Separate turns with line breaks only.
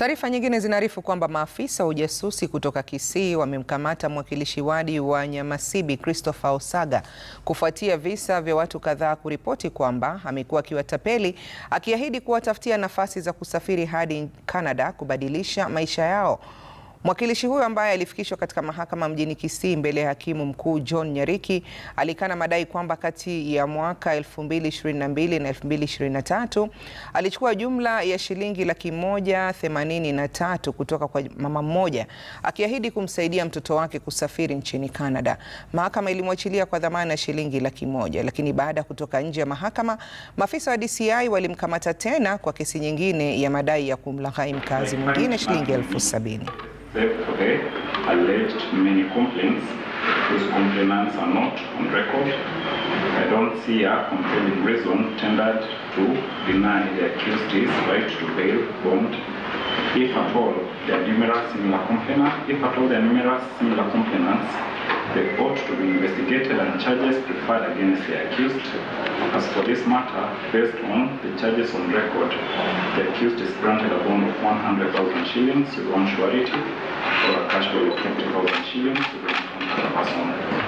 Taarifa nyingine zinaarifu kwamba maafisa wa ujasusi kutoka Kisii wamemkamata mwakilishi wadi wa Nyamasibi Christopher Osaga kufuatia visa vya watu kadhaa kuripoti kwamba amekuwa akiwatapeli akiahidi kuwatafutia nafasi za kusafiri hadi Canada kubadilisha maisha yao. Mwakilishi huyo ambaye alifikishwa katika mahakama mjini Kisii mbele ya hakimu mkuu John Nyariki alikana madai kwamba kati ya mwaka 2022 na 2023 alichukua jumla ya shilingi laki moja themanini na tatu kutoka kwa mama mmoja akiahidi kumsaidia mtoto wake kusafiri nchini Canada. Mahakama ilimwachilia kwa dhamana ya shilingi laki moja, lakini baada ya kutoka nje ya mahakama, maafisa wa DCI walimkamata tena kwa kesi nyingine ya madai ya kumlaghai mkazi mwingine shilingi elfu sabini.
theft for alleged many complaints. These complaints are not on record. I don't see a compelling reason tendered to deny the accused his right to bail bond if at all there are numerous similar complaints, if at all there are numerous similar complaints, they ought to be investigated and charges preferred against the accused. As for this matter, based on the charges on record, the accused is granted a bond of 100,000 shillings with one surety pela Caixa Econômica Voluntia, sobre a informação